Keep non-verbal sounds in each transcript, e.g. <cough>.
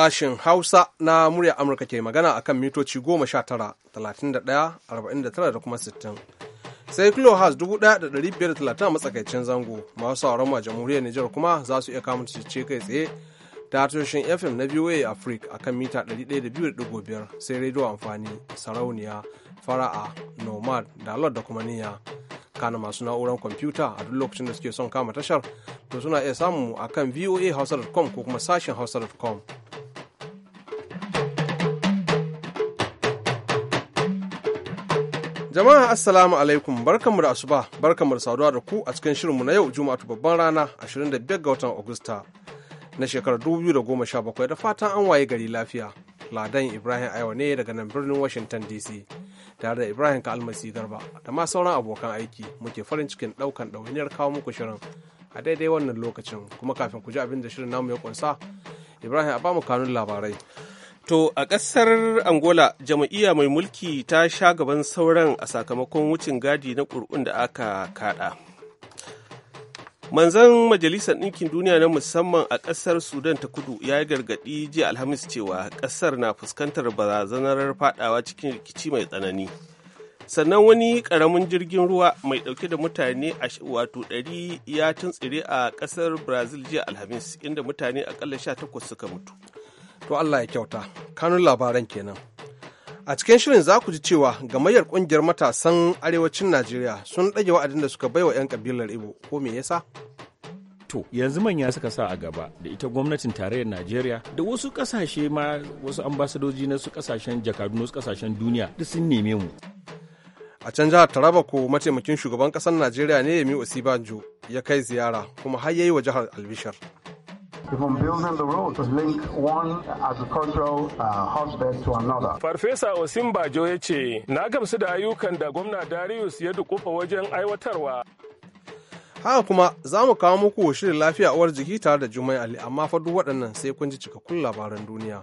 sashen Hausa na murya Amurka ke magana akan mitoci sha tara talatin da kuma sittin Sai da 1,530 a matsakaicin zango masu sauran ma jamhuriyar Nijar kuma za su iya kamun ce kai tsaye ta tashoshin FM na VOA Africa akan mita ɗaya da 102.5 sai rediyo amfani sarauniya fara'a nomad dalar da kuma niyya kana masu na'urar kwamfuta a duk lokacin da suke son kama tashar to suna iya samun mu akan voahausa.com ko kuma sashen hausa.com Jama'a Assalamu alaikum barkanmu da asuba barkanmu da saduwa da ku a cikin shirinmu na yau Juma'atu babban rana 25 ga watan Agusta na shekarar 2017 da fatan an waye gari lafiya. Ladan Ibrahim Aiwa ne daga nan birnin Washington DC tare da Ibrahim ka almasi Garba da ma sauran abokan aiki muke farin cikin daukan ɗawainiyar kawo muku shirin a daidai wannan lokacin kuma kafin ku ji abin da shirin namu ya kunsa Ibrahim a ba mu kanun labarai. To a ƙasar Angola jam'iyya mai mulki ta sha gaban sauran a sakamakon wucin gadi na ƙuri'un da aka kaɗa. Manzan Majalisar Ɗinkin Duniya na musamman a ƙasar Sudan ta kudu ya yi gargaɗi jiya Alhamis cewa ƙasar na fuskantar barazanar faɗawa cikin rikici mai tsanani. sannan wani ƙaramin jirgin ruwa mai ɗauke da mutane a wato ɗari ya tuntsire a ƙasar brazil jiya alhamis inda mutane akalla takwas suka mutu To Allah ya kyauta, kanun labaran kenan. A cikin shirin za ku ji cewa gamayyar kungiyar matasan arewacin Najeriya sun ɗage wa'adin da suka bai wa 'yan kabilar Ibo, ko me yasa? to yanzu manya suka sa a gaba da ita gwamnatin tarayyar najeriya da wasu kasashe ma wasu ambasadoji na su kasashen jakadu na su kasashen duniya duk sun neme mu a can jihar taraba ko mataimakin shugaban kasar najeriya ne yemi osibanjo ya kai ziyara kuma har yayi wa jihar albishar even building the road to link one agricultural uh, hotbed to another. Farfesa Osim Bajo ya ce, na gamsu da ayyukan da gwamna Darius ya dukufa wajen aiwatarwa. Haka kuma za mu kawo muku shirin lafiya uwar jiki tare da Jumai Ali, amma fa duk waɗannan sai kun ji cikakkun labaran duniya.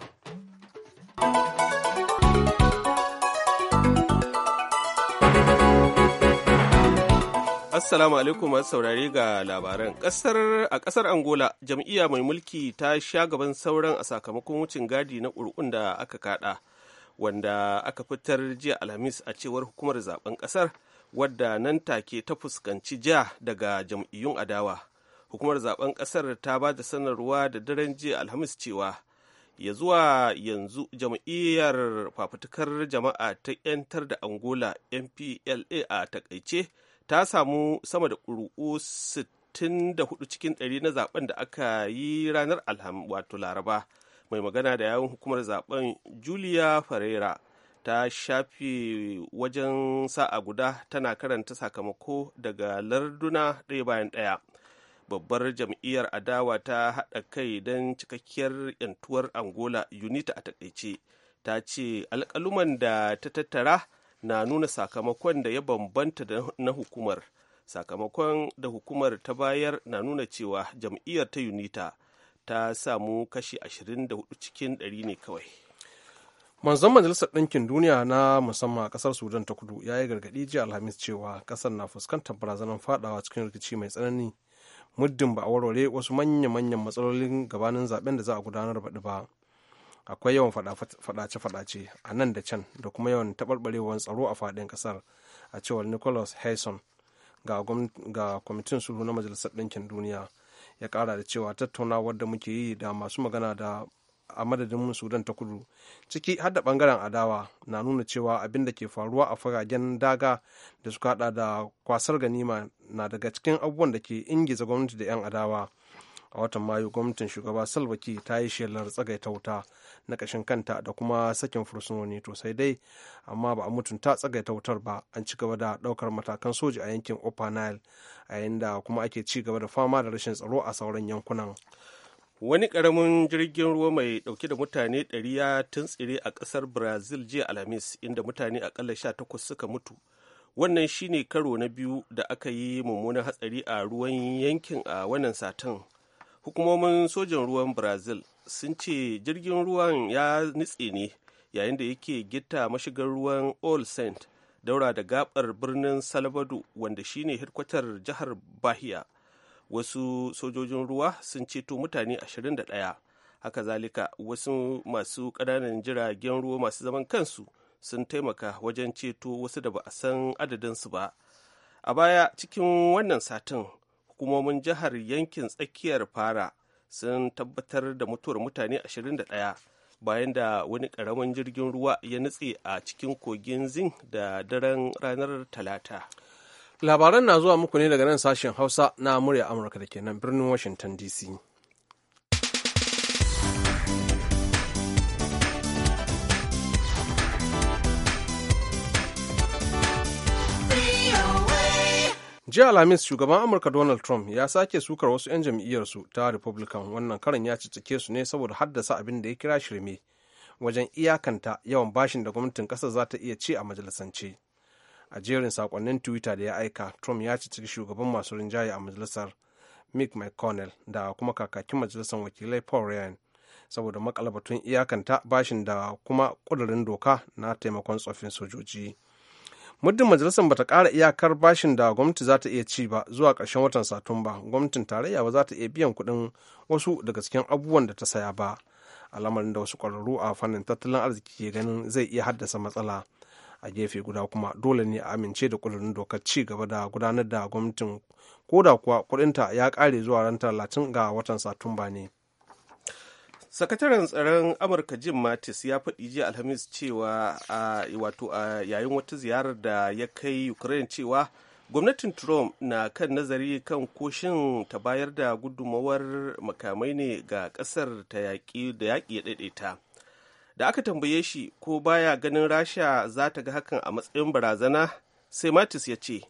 Assalamu alaikum masu saurare ga labaran. a kasar Angola, jam'iyya mai mulki ta sha gaban sauran a sakamakon wucin gadi na ƙuri'un da aka kaɗa, wanda aka fitar jiya Alhamis a cewar hukumar zaben ƙasar wadda nan take ta fuskanci jiya daga jam'iyyun adawa. Hukumar zaben ƙasar ta ba da sanarwa da daren jiya Alhamis cewa ya zuwa yanzu jam'iyyar fafutukar jama'a ta 'yantar da Angola MPLA a takaice ta samu sama da ƙuri'u 64 cikin ɗari na zaben da aka yi ranar alham wato laraba mai magana da yawun hukumar zaben julia ferreira ta shafe wajen sa'a guda tana karanta sakamako daga larduna ɗaya bayan ɗaya babbar jam'iyyar adawa ta haɗa kai don cikakkiyar yantuwar angola unita a taƙaice, ta ce alƙaluman da ta tattara na nuna sakamakon da ya bambanta na hukumar sakamakon da hukumar ta bayar na nuna cewa jam'iyyar ta unita ta samu kashi 24 cikin 100 ne kawai manzon majalisar ɗinkin duniya na musamman a ƙasar sudan ta kudu ya yi gargaɗi jiya alhamis cewa ƙasar na fuskantar barazanar fadawa cikin rikici mai tsanani muddin ba a warware wasu manya-manyan matsalolin gabanin zaben da za a gudanar baɗi ba akwai yawan fadace-fadace a nan da can da kuma yawan taɓarɓarewar tsaro a fadin ƙasar a cewar nicholas hayson ga kwamitin sulhu na majalisar ɗinkin duniya ya kara da cewa tattaunawar da muke yi da masu magana da a madadin mun sudan ta kudu ciki har da bangaren adawa na nuna cewa abin da ke faruwa a fagagen daga da suka hada da kwasar ganima na daga cikin abubuwan da ke ingiza gwamnati da 'yan adawa a watan mayu gwamnatin shugaba salva ki ta yi shelar tsagaita wuta na ƙashin kanta da kuma sakin fursunoni to sai dai amma ba a mutunta tsagaita wutar ba an ci gaba da ɗaukar matakan soji a yankin upper nile a yayin da kuma ake ci gaba da fama da rashin tsaro a sauran yankunan wani karamin jirgin ruwa mai dauke da mutane 100 ya tuntsire a kasar brazil jiya alhamis inda mutane sha takwas suka mutu wannan shine karo na biyu da aka yi mummunan hatsari a ruwan yankin a wannan satin hukumomin sojan ruwan brazil sun ce jirgin ruwan ya nitse ne yayin da yake gita mashigar ruwan all saint daura da gabar birnin salvador wanda shine hirkwatar jihar bahia wasu sojojin ruwa sun ceto mutane 21 haka zalika wasu masu ƙananan jiragen ruwa masu zaman kansu sun taimaka wajen ceto wasu da ba a san adadinsu ba a baya cikin wannan satin hukumomin jihar yankin tsakiyar fara sun tabbatar da mutuwar mutane 21 bayan da wani ƙaramin jirgin ruwa ya nutse a cikin kogin zin da daren ranar talata labaran na zuwa muku ne daga nan sashen hausa na murya amurka da ke nan birnin washington dc jiya alhamis shugaban amurka donald trump ya sake sukar wasu 'yan jam'iyyarsu ta republican wannan karin ya cicike su ne saboda haddasa abin da ya kira shirme wajen iyakanta yawan bashin da gwamnatin kasar za ta iya ci a majalisance a jerin sakonnin twitter da ya aika trump ya cicike shugaban masu rinjaye a majalisar mick mcconnell da kuma kakakin majalisar wakilai paul ryan saboda makalabatun iyakanta bashin da kuma kudurin doka na taimakon tsoffin sojoji muddin majalisar bata kara iyakar bashin da gwamnati za ta iya ci ba zuwa ƙarshen watan satumba gwamnatin tarayya ba za ta iya biyan kuɗin wasu daga cikin abubuwan da ta saya ba al'amarin da wasu ƙwararru a fannin tattalin arziki ke ganin zai iya haddasa matsala a gefe guda kuma dole ne a amince da ƙudurin dokar ci gaba da gudanar da gwamnatin ko da kuwa kuɗinta ya kare zuwa ran talatin ga watan satumba ne sakataren tsaron amurka jim mattis ya faɗi jiya alhamis cewa a wato a yayin wata ziyarar da ya kai ukraine cewa gwamnatin trump na kan nazari kan koshin ta bayar da gudummawar makamai ne ga ƙasar ta yaƙi da yaƙi ya ɗaiɗaita da aka tambaye shi ko baya ganin rasha za ta ga hakan a matsayin barazana sai mattis ya ce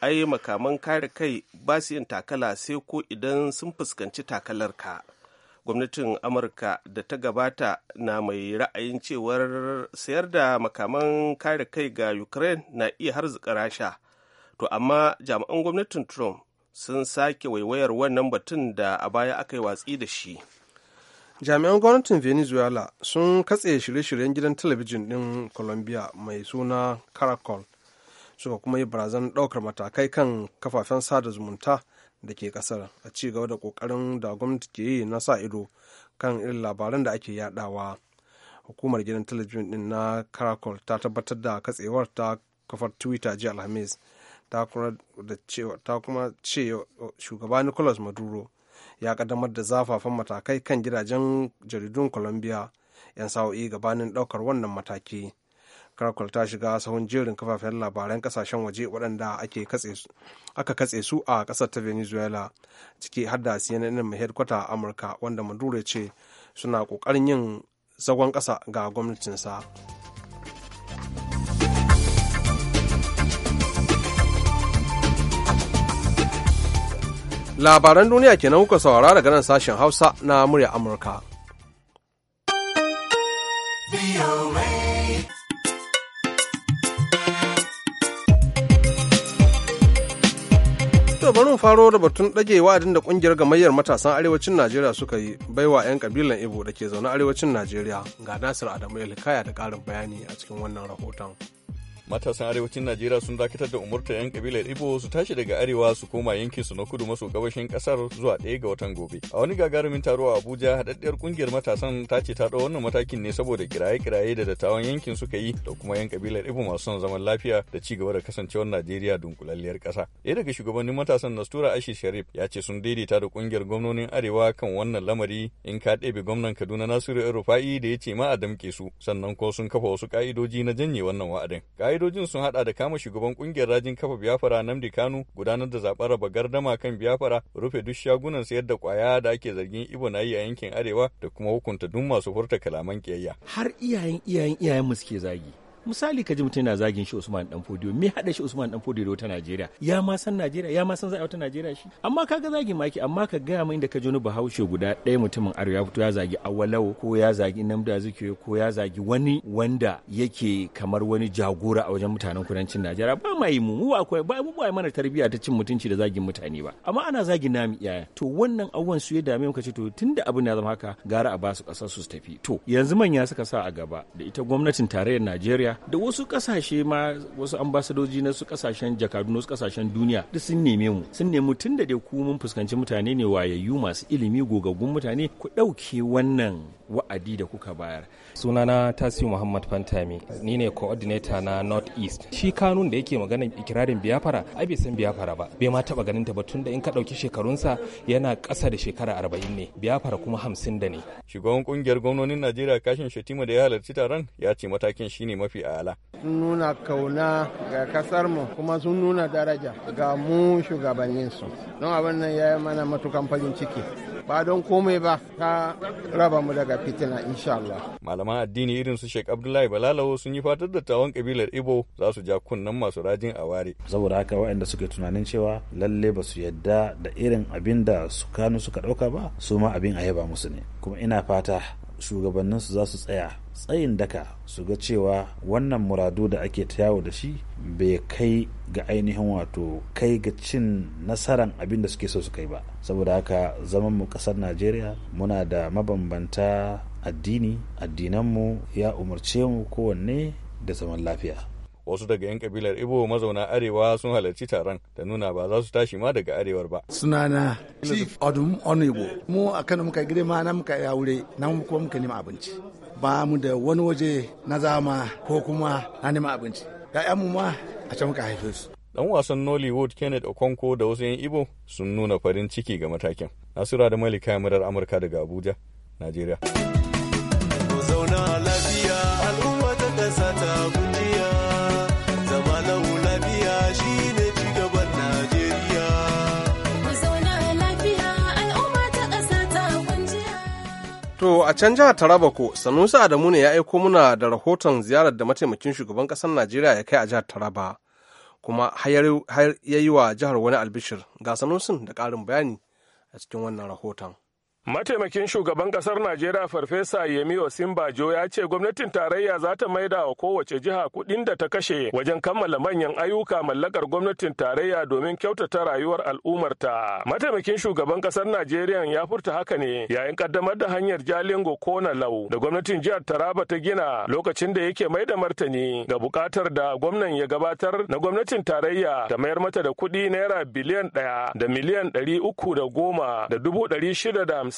ai makaman kare kai ba su yin takala sai ko idan sun fuskanci takalar ka gwamnatin amurka da ta gabata na mai ra'ayin cewar sayar da makaman kare kai ga ukraine na iya harzika rasha to amma jami'an gwamnatin trump sun sake waiwayar wannan batun da a baya aka yi watsi da shi jami'an gwamnatin venezuela sun katse shirye-shiryen gidan talabijin din colombia mai suna caracol suka kuma yi barazan ɗaukar matakai kan kafafen sada zumunta da ke kasar a ci gaba da kokarin da gwamnati ke yi na sa ido kan irin labaran da ake yadawa hukumar gidan talabijin din na karakol ta tabbatar da katsewar ta kafar twitter jiya alhamis ta kuma ce shugaba nicolas maduro ya kaddamar da zafafan matakai kan gidajen jaridun colombia 'yan sa'o'i gabanin daukar wannan mataki Krakow ta shiga sahun jerin kafafen labaran kasashen waje waɗanda aka katse su a ƙasar ta Venezuela ciki har da CNN mai headkwata a Amurka wanda Maduro ce suna ƙoƙarin yin zagon ƙasa ga gwamnatinsa. Labaran duniya kenan kuka saurara daga nan sashen Hausa na murya Amurka. To bari mu faro da batun ɗage wa'adin da ƙungiyar gamayyar matasan arewacin Najeriya suka yi baiwa 'yan kabilan Ibo da ke zaune arewacin Najeriya ga Nasir Adamu Elkaya da ƙarin bayani a cikin wannan rahoton. matasan arewacin najeriya sun dakatar da umurta 'yan kabilar ibo su tashi daga arewa su koma yankin su na kudu maso gabashin kasar zuwa ɗaya ga watan gobe a wani gagarumin taro a abuja haɗaɗɗiyar kungiyar matasan ta ce ta ɗau wannan matakin ne saboda kiraye-kiraye da dattawan yankin suka yi da kuma 'yan kabilar ibo masu son zaman lafiya da ci gaba da kasancewar najeriya dunkulalliyar ƙasa ɗaya daga shugabannin matasan nastura ashi sharif ya ce sun daidaita da kungiyar gwamnonin arewa kan wannan lamari in ka ɗebe gwamnan kaduna nasiru rufa'i da ya ce ma a damƙe su sannan ko sun kafa wasu ƙa'idoji na janye wannan wa'adin ka'idojin sun hada da kama shugaban kungiyar rajin kafa biyafara Namdi Kanu, gudanar da zaɓen raba gardama kan biyafara rufe duk shagunan sayar da kwaya da ake zargin Ibo na yi a yankin Arewa da kuma hukunta duk masu furta kalaman kiyayya Har iyayen iyayen iyayen mu suke zagi. misali ka ji mutum yana zagin shi Usman dan Fodiyo me hada shi Usman dan Fodiyo da wata Najeriya ya ma san Najeriya ya ma san zai wata Najeriya shi amma ka kaga zagin maki amma ka gaya min da ka ji Bahaushe guda ɗaya mutumin Arewa ya fito ya zagi Awalau ko ya zagi Namda Zikiwe ko ya zagi wani wanda yake kamar wani jagora a wajen mutanen kudancin Najeriya ba ma yi mu mu akwai ba mu ba mana tarbiyya ta cin mutunci da zagin mutane ba amma ana zagi nami iyaye to wannan abubuwan su ya dame mu kace to tunda abin ya zama haka gara a ba su kasar su tafi to yanzu manya suka sa a gaba da ita gwamnatin tarayyar Najeriya Najeriya da wasu kasashe ma wasu ambasadoji na su kasashen jakadu na kasashen duniya duk sun neme mu sun nemi tun da dai ku mun fuskanci mutane ne wayayyu masu ilimi gogaggun mutane ku ɗauke wannan wa'adi da kuka bayar. Sunana Tasiu Muhammad Fantami ni ne coordinator na North East. Shi kanun da yake magana ikirarin biyafara ai bai san biyafara ba bai ma taba ganin ta ba tunda in ka ɗauki shekarunsa yana ƙasa da shekara arba'in ne biyafara kuma hamsin da ne. Shugaban kungiyar gwamnonin Najeriya Kashin Shatima da ya halarci taron ya ce matakin shine mafi mafi ala. Sun nuna kauna ga kasar mu kuma sun nuna daraja ga mu shugabannin su. Don abin nan ya yi mana matukan farin ciki. Ba don komai ba ta raba mu daga fitina insha Allah. Malaman addini irin su Sheikh Abdullahi Balalawo sun yi fatar da tawon kabilar Ibo za su ja kunnan masu rajin a ware. Saboda haka waɗanda suke tunanin cewa lalle ba su yadda da irin abin da su kanu suka ɗauka ba su ma abin a yaba musu ne. Kuma ina fata shugabanninsu za su tsaya tsayin daka su ga cewa wannan muradu da ake ta yawo da shi bai kai ga ainihin wato kai ga cin nasaran abin da suke so su kai ba saboda haka zaman mu kasar najeriya muna da mabambanta addini addinanmu ya umarce mu kowanne da zaman lafiya wasu daga 'yan kabilar ibo mazauna arewa sun halarci taron da nuna ba za su tashi ma daga arewar ba sunana chief odum onibo mu a kano muka girma na muka aure na kuma muka nema abinci ba mu da wani waje na zama ko kuma na nema abinci mu ma a can muka haife su dan wasan nollywood kenneth okonko da wasu 'yan ibo sun nuna farin ciki ga matakin nasira da malika murar amurka daga abuja najeriya To a can jihar Taraba ko Sanusi Adamu ne ya aiko muna da rahoton ziyarar da mataimakin shugaban ƙasar Najeriya ya kai a jihar Taraba kuma har ya yi wa jihar wani albishir ga Sanusin da ƙarin bayani a cikin wannan rahoton. Mataimakin shugaban ƙasar Najeriya Farfesa Yemi Osinbajo ya ce gwamnatin tarayya za ta maida wa kowace jiha kuɗin da ta kashe wajen kammala manyan ayyuka mallakar gwamnatin tarayya domin kyautata rayuwar al'ummarta. Mataimakin shugaban ƙasar Najeriya ya furta haka ne yayin ƙaddamar da hanyar Jalingo Kona Lau da gwamnatin jihar Taraba ta gina lokacin da yake maida martani ga buƙatar da gwamnan ya gabatar na gwamnatin tarayya ta mayar mata da kuɗi naira biliyan ɗaya da miliyan ɗari uku da goma da dubu ɗari shida da hamsin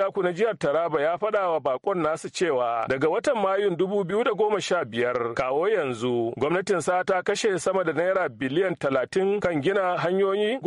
Ishaku na jihar Taraba ya faɗa wa bakon nasu cewa daga watan Mayun 2015 kawo yanzu gwamnatin sa ta kashe sama da naira biliyan 30 kan gina hanyoyi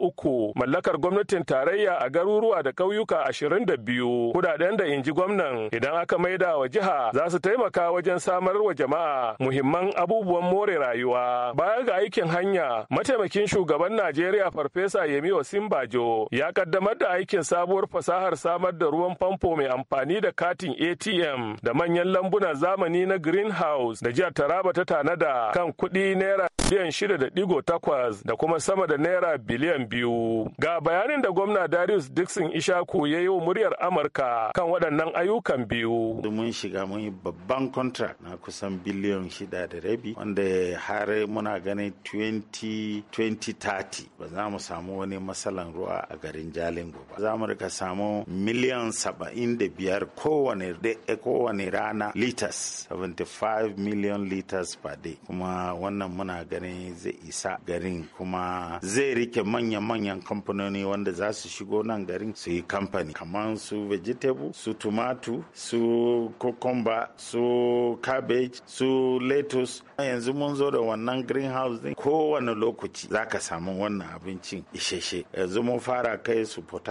uku. mallakar gwamnatin tarayya a garuruwa da ƙauyuka 22 kudaden da inji gwamnan idan aka maida wa jiha za su taimaka wajen samar wa jama'a muhimman abubuwan more rayuwa baya ga aikin hanya mataimakin shugaban Najeriya Farfesa Yemi Osinbajo ya kaddamar da aikin sabuwar fasahar samar samar da ruwan famfo mai amfani da katin atm da manyan lambunan zamani na greenhouse da jihar taraba ta tanada kan kuɗi naira biliyan shida da digo takwas da kuma sama da naira biliyan biyu ga bayanin da gwamna darius dixon ishaku ya yi wa muryar amurka kan waɗannan ayyukan biyu mun shiga mun yi babban contract na kusan biliyan shida da rabi wanda har muna ganin 2030 ba za mu samu wani matsalan ruwa a garin jalingo ba za mu rika samu miliyan 75 kowane eh, kowane rana liters 75 million liters per day kuma wannan muna ganin zai isa garin kuma zai rike manyan manyan kamfanoni wanda za su shigo nan garin su yi kamfani kamar su vegetable su tomato su cucumber su cabbage su lettuce yanzu mun zo da wannan greenhouse din kowane lokaci za ka samu wannan abincin isheshe yanzu mun fara kai su port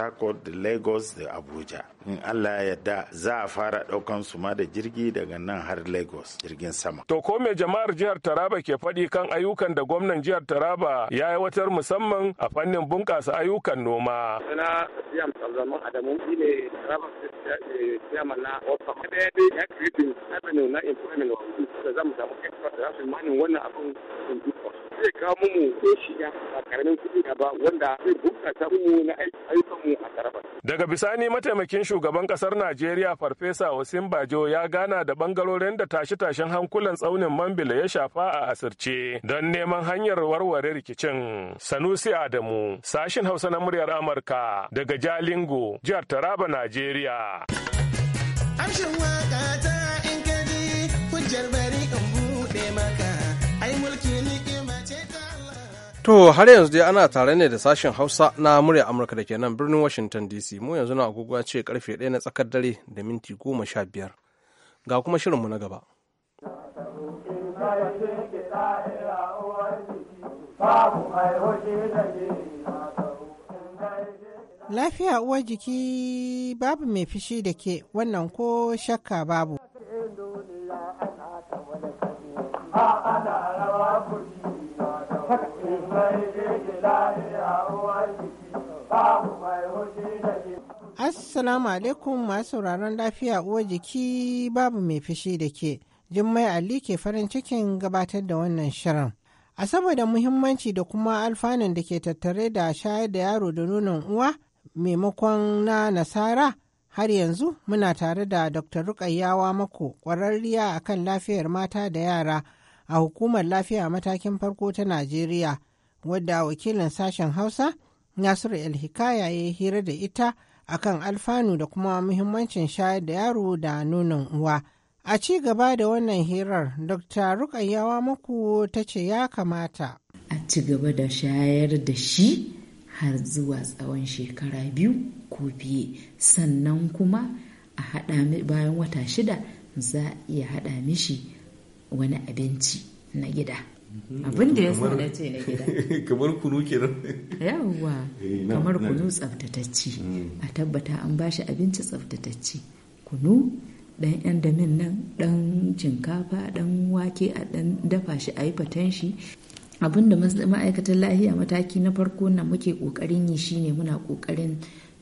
da lagos da abuja in allah ya yarda za a fara daukan su ma da jirgi daga nan har lagos jirgin sama to ko mai jama'ar jihar taraba ke faɗi kan ayyukan da gwamnan jihar taraba ya aiwatar musamman a fannin bunƙasa ayyukan noma chairman na ofa ɗaya ya creating avenue na employment wa da za mu samu da za manin wannan abin zai kawo mu ko ya a karamin kuɗi na ba wanda zai bukata mu na ayyukan a taraba. Daga bisani mataimakin shugaban kasar Najeriya Farfesa Wasim Bajo ya gana da bangarorin da tashe-tashen hankulan tsaunin Mambila ya shafa a asirce don neman hanyar warware rikicin. Sanusi Adamu, sashin Hausa na muryar Amurka daga Jalingo, jihar Taraba, Najeriya. Amshin To har yanzu dai ana tare ne da sashen Hausa na murya Amurka da ke nan birnin Washington DC mu yanzu na agogo ce karfe ɗaya na tsakar dare da minti goma sha biyar. Ga kuma shirinmu na gaba. Lafiya uwar jiki babu mai fishi da ke wannan ko shakka babu. ana rawa haka Assalamu alaikum masu sauraron lafiya uwa jiki babu mai fishi da ke. Jummai Ali ke farin cikin gabatar da wannan shirin. A saboda muhimmanci da kuma alfanun da ke tattare da shayar da yaro da nonon uwa maimakon na nasara har yanzu muna tare da Dr. Rukayyawa mako ƙwararriya akan lafiyar mata da yara a hukumar lafiya matakin farko ta Najeriya wadda wakilin sashen Hausa Nasiru El-Hikaya ya hira da ita akan alfanu da kuma muhimmancin shayar da yaro da nonon uwa. A ci gaba da wannan hirar, Dr. Rukayyawa Maku ta ce ya kamata. A ci gaba da shayar da shi har zuwa tsawon shekara biyu ko fiye, sannan kuma a haɗa bayan wata shida za a iya haɗa mishi wani abinci na gida mhm. abin da ya sa na ce na gida <laughs> kamar kunu kenan yawwa eh, kamar kunu tsaftatacci mm. a tabbata an bashi abinci tsaftatacci kunu dan yan damin nan dan shinkafa dan wake a dan dafa shi a yi fatan shi abinda ma'aikatan lahiya mataki na farko na muke kokarin yi shine muna kokarin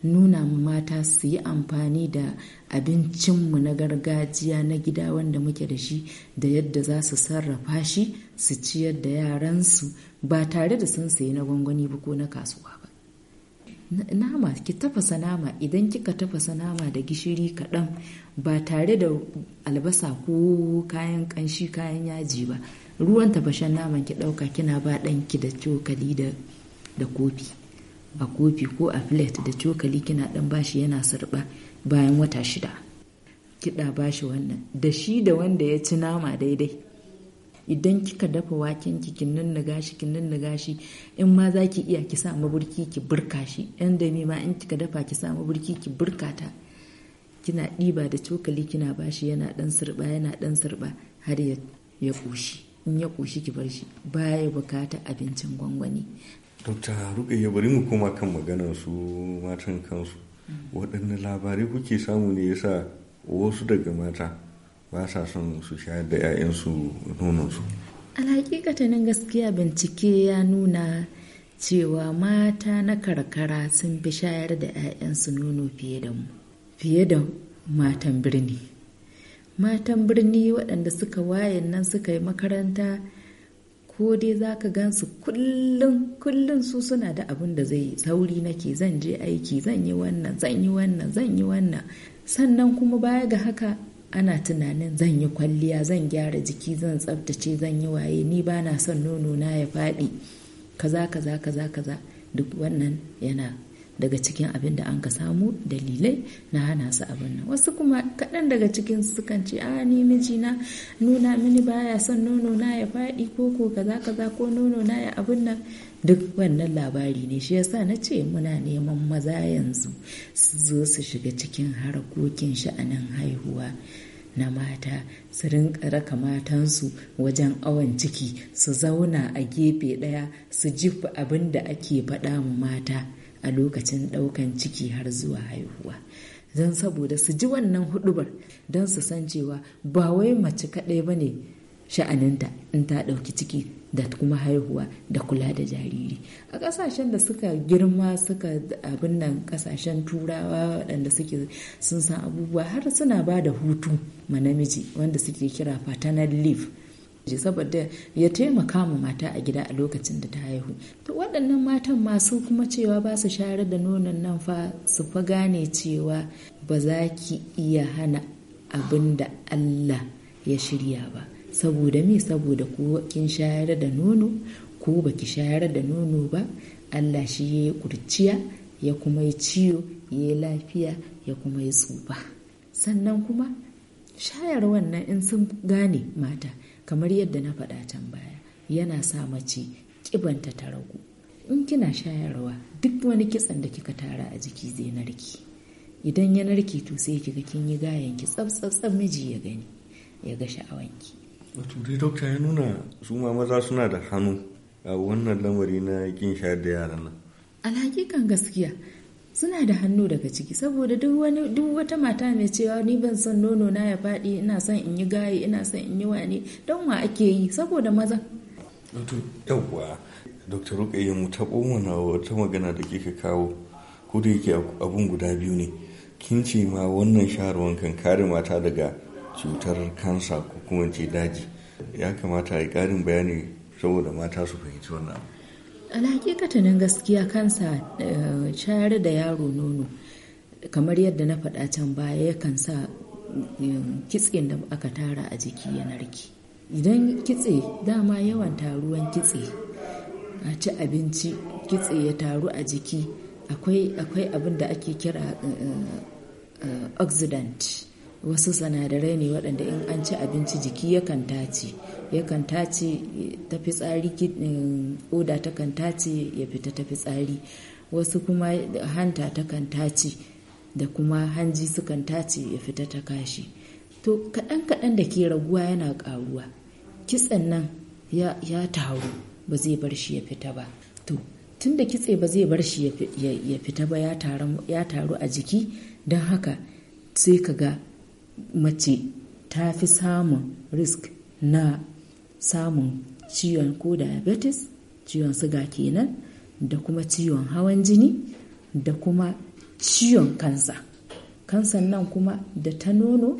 nuna mu mata su yi amfani da abincinmu na gargajiya na gida wanda muke da shi da yadda za su sarrafa shi su ciyar da yaransu ba tare da sun sayi na gwangwani ba ko na kasuwa ba nama ki tafasa nama idan kika tafasa nama da gishiri kaɗan ba tare da albasa ko kayan ƙanshi kayan yaji ba ruwan tafashen naman ki ɗauka kina ba ɗanki da cokali da kofi a kofi ko a filet da cokali kina dan bashi yana sarba bayan wata shida kiɗa bashi wannan da shi da wanda ya ci nama daidai idan kika dafa waken ki kin nunnuga shi kin nunnuga shi in ma za ki iya ki sa maburki ki burka shi yan da ma in kika dafa ki sa maburki ki burka ta kina ɗiba da cokali kina bashi yana dan sirɓa yana dan sirɓa har ya ƙoshi in ya ƙoshi ki bar shi baya bukata abincin gwangwani Dokta ya bari mu koma kan maganar su matan kansu. Waɗanne labarai kuke samu ne yasa wasu daga mata ba sa son su shayar da 'ya'yansu A nan gaskiya bincike ya nuna cewa mata na karkara sun fi shayar da 'ya'yansu nono fiye da mu. Fiye da matan birni. Matan birni waɗanda suka wayan nan suka yi makaranta ko dai za ka gansu kullum kullum su suna da abin da zai sauri nake zan je aiki zan yi wannan zan yi wannan zan yi wannan sannan kuma baya ga haka ana tunanin zan yi kwalliya zan gyara jiki zan tsabtace zan yi waye ni ba na son nono na ya faɗi kaza kaza kaza kaza duk wannan yana daga cikin abin da an ka samu dalilai na hana su abin nan wasu kuma kaɗan daga cikin sukan ce a ah, ni miji na? nuna mini baya son nono na ya faɗi ko ko kaza kaza ko nono na ya abin nan duk wannan labari ne shi yasa na ce muna neman maza yanzu su zo su shiga cikin harkokin sha'anin haihuwa na mata su rinka raka matansu wajen awon ciki su zauna a gefe ɗaya su jifa abin da ake faɗa mu mata a lokacin ɗaukan ciki har zuwa haihuwa don saboda su ji wannan hudubar don su san cewa ba wai mace kaɗai ba ne sha'aninta in ta ɗauki ciki da kuma haihuwa da kula da jariri a ƙasashen da suka girma suka abin nan ƙasashen turawa waɗanda suke sun san abubuwa har suna ba da hutu ma namiji wanda suke kira paternal leave saboda ya taimaka ma mata a gida a lokacin da ta haihu to waɗannan matan masu kuma cewa ba su shayar da nonon nan fa su fa gane cewa ba za ki iya hana abin da Allah ya shirya ba saboda me saboda ko kin shayar da nono ko baki shayar da nono ba Allah shi ya yi kurciya ya kuma yi ciwo ya yi lafiya ya kuma yi tsufa sannan kuma shayar wannan in sun gane mata kamar yadda na faɗa can baya yana sa mace ƙibanta ta ragu in kina shayarwa duk wani kitsan da kika tara a jiki zai narke idan ya narke to sai kiga kin yi gayanki tsabtsabtsab miji ya gani ya ga sha'awanki wato dai dokta ya nuna su ma maza suna da hannu a wannan lamari na kin shayar da yaran nan alhakikan gaskiya suna da hannu daga ciki saboda duk wata mata mai cewa ni ban son nono na ya faɗi ina son in yi gaye ina son in yi wani don wa ake yi saboda maza yawwa dr yi mu taɓo mana wata magana da kika kawo ko da yake abun guda biyu ne kin ce ma wannan shaharwan kan kare mata daga cutar kansa ko kuma ce daji ya kamata a yi ƙarin bayani saboda mata su fahimci wannan abu alhakikatanin gaskiya kansa eh, shayar da yaro nono kamar yadda na faɗa can baya yakan sa eh, kitsen da aka tara a jiki ya narki idan kitse dama yawan taruwan kitse a ci abinci kitse ya taru a jiki akwai abin da ake kira eh, oxidant wasu sinadarai ne waɗanda in an ci abinci jiki yakan tace yakan tace ta fitsari oda kan tace ya fita ta fitsari wasu kuma hanta ta kan tace da kuma hanji su sukan tace ya fita ta kashi to kaɗan kaɗan da ke raguwa yana ƙaruwa kitsen nan ya, ya taru ba zai bar shi ya fita ba to tun da kitse ba zai bar shi ya fita ba ya taru a jiki don haka sai ka ga mace ta fi samun risk na samun ciwon ko diabetes ciwon suga kenan da kuma ciwon hawan jini da kuma ciwon kansa kansan nan kuma da ta nono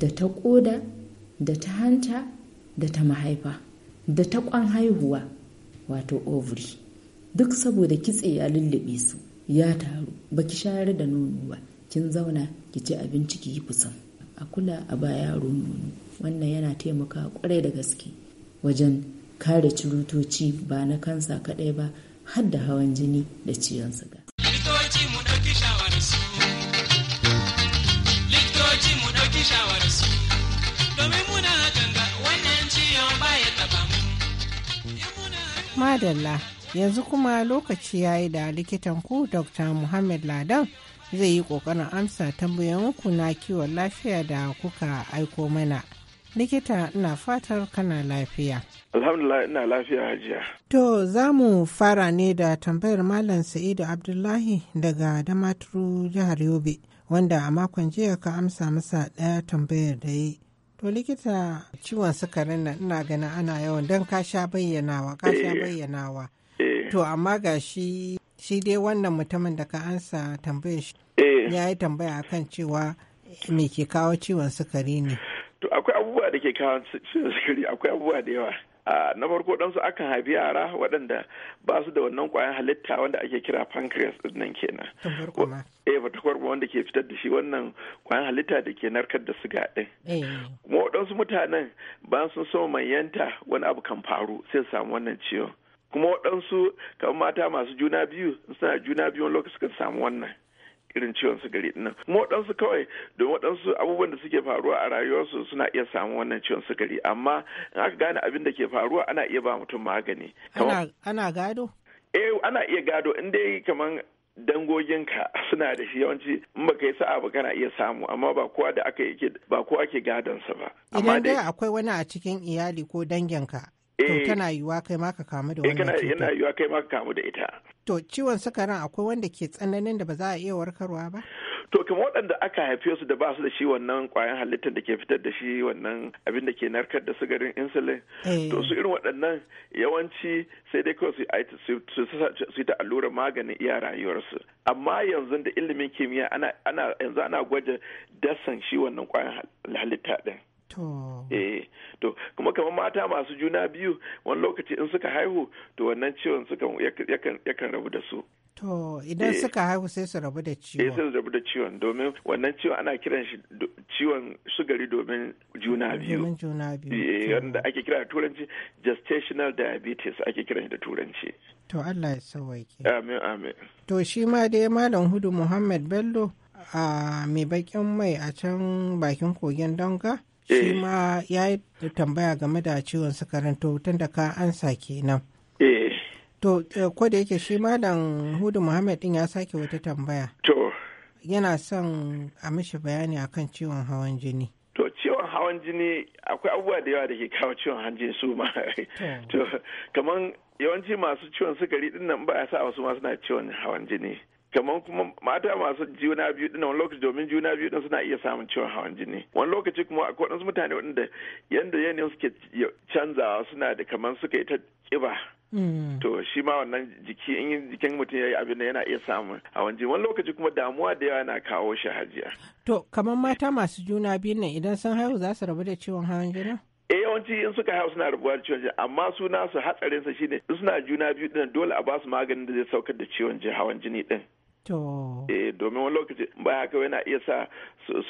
da ta koda da ta hanta da ta mahaifa da ta kwan haihuwa wato ovary duk saboda kitse ya lullube su ya taru baki shayar da nono ba kin zauna ki ci abinci ki yi kusan a kula a ba yaro nono wannan yana taimaka kwarai da gaske wajen kare cirutoci ba na kansa kadai ba har da hawan jini da ciwon suga. Madalla, yanzu kuma lokaci ya yi da likitan ku Dr. Muhammad Ladan zai yi ƙoƙarin amsa tambayoyinku na kiwon lafiya da kuka aiko mana. Likita ina fatar kana lafiya. Alhamdulillah ina lafiya hajiya. To za mu fara ne da tambayar Malam Sa'idu Abdullahi daga Damaturu jihar Yobe wanda a makon jiya ka amsa masa ɗaya tambayar da yi. To likita ciwon sukarin nan ina ganin ana yawan don ka sha bayyanawa ka sha eh. bayyanawa. Eh. To amma ga shi shi dai wannan mutumin da ka ansa tambayar shi eh. ya yi tambaya akan cewa me ke kawo ciwon sukari ne to akwai abubuwa da ke kawo ciwon sukari akwai abubuwa da yawa na farko dan su akan haifi yara waɗanda ba su da wannan kwayan halitta wanda ake kira pancreas din nan kenan eh fatakwarma wanda ke fitar da shi wannan kwayan halitta da ke narkar da siga din eh. kuma waɗansu mutanen ba sun so manyanta wani abu kan faru sai su samu wannan ciwon kuma waɗansu kamar mata masu juna biyu suna juna biyu wani lokaci sukan samu wannan irin ciwon sukari dinnan kuma waɗansu kawai don waɗansu abubuwan da suke faruwa a rayuwarsu suna iya samun wannan ciwon sukari amma in aka gane abin da ke faruwa ana iya ba mutum magani ana gado eh ana iya gado in dai kamar dangoginka suna da shi yawanci in baka yi sa'a ba kana iya samu amma ba kowa da aka yake ba kowa ke sa ba idan dai akwai wani a cikin iyali ko danginka To tana eh. yiwuwa kai ma ka kamu da eh, wannan cutar. Yana yiwuwa kai ma ka kamu da ita. To ciwon sukarin akwai wanda ke tsananin da ba za a iya warkarwa ba? To kamar waɗanda aka haife su da ba su da shi wannan ƙwayan halittar da ke fitar da shi wannan abin da ke narkar da sugarin insulin. Eh. To su irin waɗannan yawanci sai dai kawai su yi ta allurar maganin iya rayuwarsu. Amma yanzu da ilimin kimiyya ana yanzu ana gwada dasan shi wannan ƙwayan halitta ɗin. eh to kuma kamar mata masu juna biyu wani lokaci in suka haihu to wannan ciwon sukan yakan rabu da su To idan eh. suka haihu sai su rabu da ciwon. Eh, sai su rabu da ciwon domin wannan ciwon ana kiran shi ciwon sugari domin juna biyu. Domin juna biyu. Eh, wanda ake kira da turanci gestational diabetes ake kiran shi da turanci. To Allah ya sauwaƙe. Amin amin. To shi ma dai Malam Hudu Muhammad Bello a mai bakin mai a can bakin kogin Donga. Eh. shi ma ya yi tambaya game da ciwon sukarin to tun da ka ansa kenan. Eh. To eh, ko da yake shi malam Hudu Muhammad din ya sake wata tambaya. To. Yana son a mishi bayani akan ciwon hawan jini. To ciwon hawan jini akwai abubuwa da yawa da ke kawo ciwon hawan jini su ma. To kaman yawanci masu ciwon sukari din nan ba a sa wasu ma suna ciwon hawan jini. kamar kuma mata masu juna biyu din wani lokaci domin juna biyu din suna iya samun ciwon hawan jini wani lokaci kuma akwai wasu mutane waɗanda yadda yanayin suke canzawa suna da kamar suka yi ta kiba mm. to shi ma wannan jiki in jikin mutum ya yi abin da yana iya samun hawan jini wani lokaci kuma damuwa da yawa na kawo shi hajiya to kamar mata masu juna biyu nan idan sun haihu za su rabu da ciwon hawan jini eh yawanci in suka haihu suna rabuwa da ciwon jini amma su nasu hatsarinsa shine in suna juna biyu din dole a ba su maganin da zai saukar da ciwon jini hawan jini din eh domin wani lokaci baya kawai yana iya sa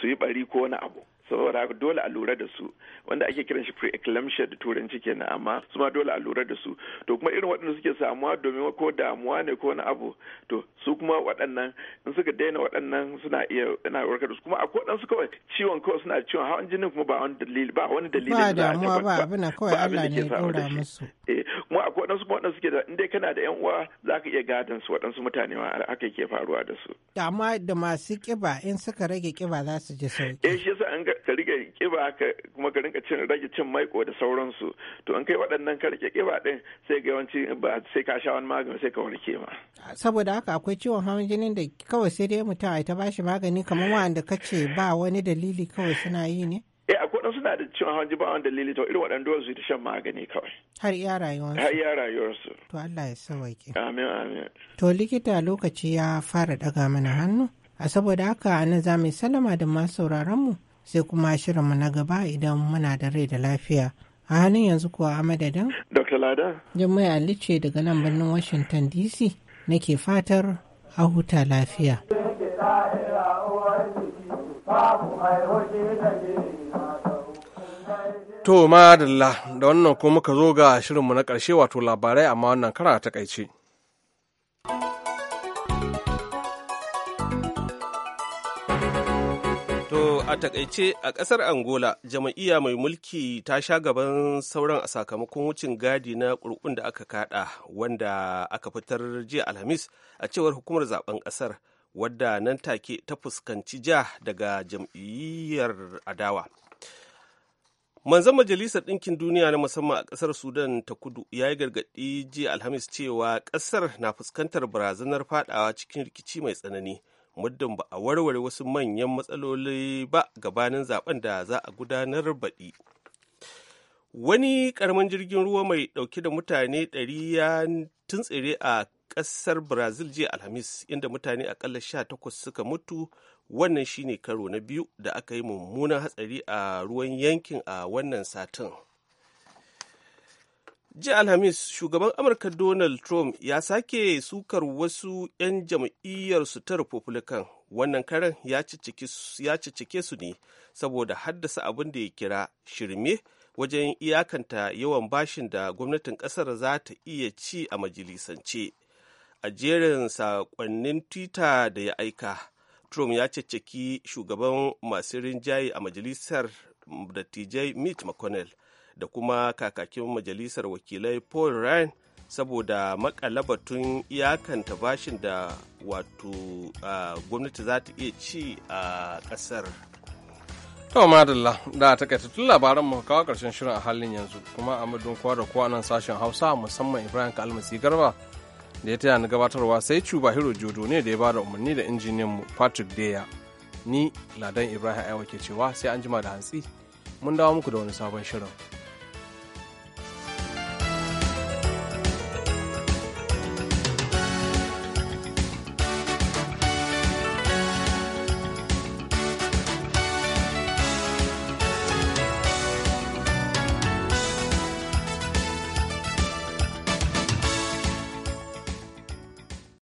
su yi bari ko wani abu saboda haka dole a lura da su wanda ake kiran shi preeclampsia da turanci kenan amma su ma dole a lura da su to kuma irin waɗanda suke samuwa domin ko damuwa ne ko wani abu to su kuma waɗannan in suka daina waɗannan suna iya ina warka da su kuma akwai waɗansu kawai ciwon kawai suna ciwon hawan jinin kuma ba wani dalili ba wani dalili ba damuwa ba abin da kawai Allah ne ya dora musu eh kuma akwai waɗansu kuma waɗanda suke da in dai kana da yan uwa za ka iya gadon su waɗansu mutane ma haka yake faruwa da su amma da masu kiba in suka rage kiba za su ji sauki eh shi yasa ka rike kiba kuma ka rinka cin rage cin maiko da sauransu to an kai waɗannan ka rike kiba din sai ga yawanci ba sai ka sha wani magani sai ka warke ma saboda haka akwai ciwon hawan jinin da kawai sai dai mutum a ta bashi magani kamar wanda ce ba wani dalili kawai suna yi ne eh akwai dan suna da ciwon hawan jini ba wani dalili to irin waɗanda dole su ta shan magani kawai har iya rayuwarsu har iya rayuwarsu to Allah ya sauke amin amin to likita lokaci ya fara daga mana hannu a saboda haka a nan za mu salama da masu sauraron mu sai kuma shirinmu na gaba idan muna da rai da lafiya. A hannun yanzu kuwa a madadin? Dr. Lada. Jummai Ali ce daga nan birnin Washington DC nake fatar a huta lafiya. To ma da wannan kuma muka zo ga shirinmu na ƙarshe wato labarai amma wannan kara ta kaice. a takaice a ƙasar angola jama'iyya mai mulki ta sha gaban sauran a sakamakon wucin gadi na kurkun da aka kada wanda aka fitar jiya alhamis a cewar hukumar zaben ƙasar wadda nan take ta fuskanci ja daga jam'iyyar adawa manzan majalisar ɗinkin duniya na musamman a ƙasar sudan ta kudu ya yi gargaɗi jiya alhamis cewa ƙasar na fuskantar barazanar fadawa cikin rikici mai tsanani muddin ba a warware wasu manyan matsaloli ba gabanin zaben da za a gudanar baɗi wani karamin jirgin ruwa mai ɗauke da mutane ɗari ya tuntsire a ƙasar brazil jiya alhamis inda mutane aƙalla sha takwas suka mutu wannan shine karo na biyu da aka yi mummunan hatsari a ruwan yankin a wannan satin jiya alhamis shugaban amurka donald trump ya sake sukar wasu 'yan jam'iyyarsu ta republican wannan karen ya cicike su ne saboda haddasa abin da ya kira shirme wajen iyakanta yawan bashin da gwamnatin kasar za ta iya ci a majalisance a jerin sakonnin twitter da ya aika trump ya cicike shugaban masu rinjaye a majalisar dattijai mitch mcconnell da kuma kakakin majalisar wakilai paul ryan saboda makala batun iyakanta bashin da wato gwamnati za ta iya ci a kasar to madalla da tun labaran mu kawo karshen shirin a halin yanzu kuma a madun kowa da kowa nan sashen hausa musamman ibrahim kalmasi garba da ya taya ni gabatarwa sai cuba hiro jodo ne da ya bada umarni da injiniyan mu patrick deya ni ladan ibrahim aiwa ke cewa sai an jima da hantsi mun dawo muku da wani sabon shirin